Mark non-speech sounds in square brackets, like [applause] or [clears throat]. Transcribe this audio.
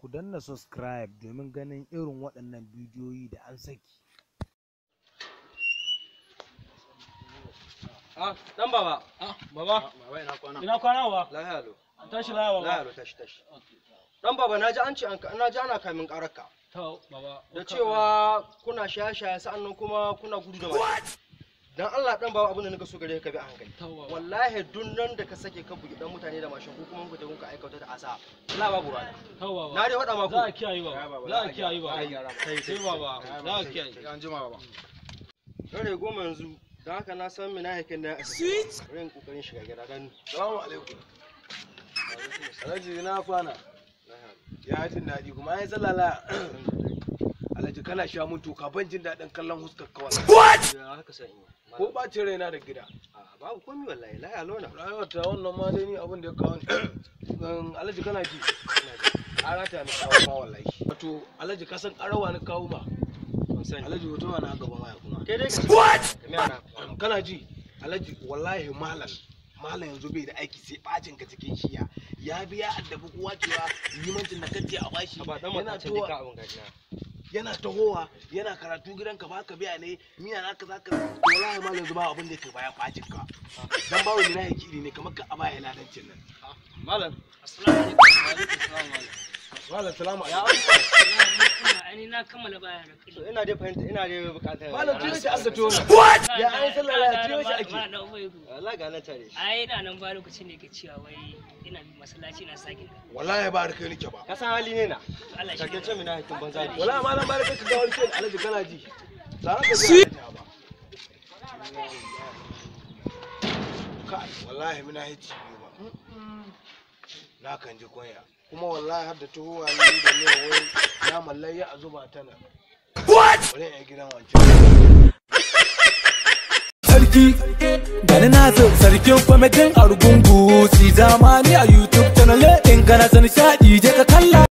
ku danna subscribe domin ganin irin waɗannan bidiyoyi da an saki. dan baba. na ji an ce na ji ana kamin ƙararka. Da cewa kuna shaya-shaya sa'annan kuma kuna gudu da dan Allah dan bawa abin da nika so gare ka bi a hankali wallahi dun nan da ka sake ka bugi dan mutane da mashin ko kuma ku ka aikata da asa la babu ruwa na dai faɗa maku za a kiyaye baba za a kiyaye sai baba za a an jima baba dare goma yanzu dan haka na san mina hakin da sweet ran kokarin shiga gida dan assalamu alaikum alhaji na kwana ya hatin dadi kuma ai zalala [clears throat] alhaji kana sha mun toka ban jin daɗin kallon huskar kawai what haka sai ko bacin raina da gida babu komai wallahi la ya lona rayuwar ta wannan ma dai ni abin da ya kawo ni um, alhaji kana ji arata ni kawo ma wallahi wato alhaji ka san arawa ni kawo ma alhaji hoto na gaba ma kuma kai dai what um, kana ji alhaji wallahi malam malam yanzu bai da aiki sai bacin ka cikin shiya ya biya addabi kowa cewa limancin na kanta a bashi yana tuwa yana tahowa yana karatu gidanka ba ka biya ne miya na ka zaka wallahi ma yanzu ba abin da ke baya kwacin ka dan bawo ni na yake iri ne kamar ka aba ya ladancin nan malam assalamu alaikum malam salamu ya ya na kammala baya ina dai fahimta ina dai bukata malam tun da aka tona ya an sallar Mara da Ubaidu. Allah ga nan tare shi. Ai ina nan ba lokacin ne ke cewa wai ina masallaci na sake. ka. Wallahi ba harkai nake ba. Ka san hali ne na. Allah shi. Kake ce mina hakin banza. Wallahi nan ba ka ga wani ce Alhaji kana ji. Zara ka ji. Kai wallahi mina haiti ba. Na kan ji koya. Kuma wallahi har da tuhuwa ne da ne wai ya mallayya a zuba ta nan. What? Wani a gidan wancan. Sarki Gani so sarkin kwamitin argungu si zamani a YouTube channel in gana sani sha DJ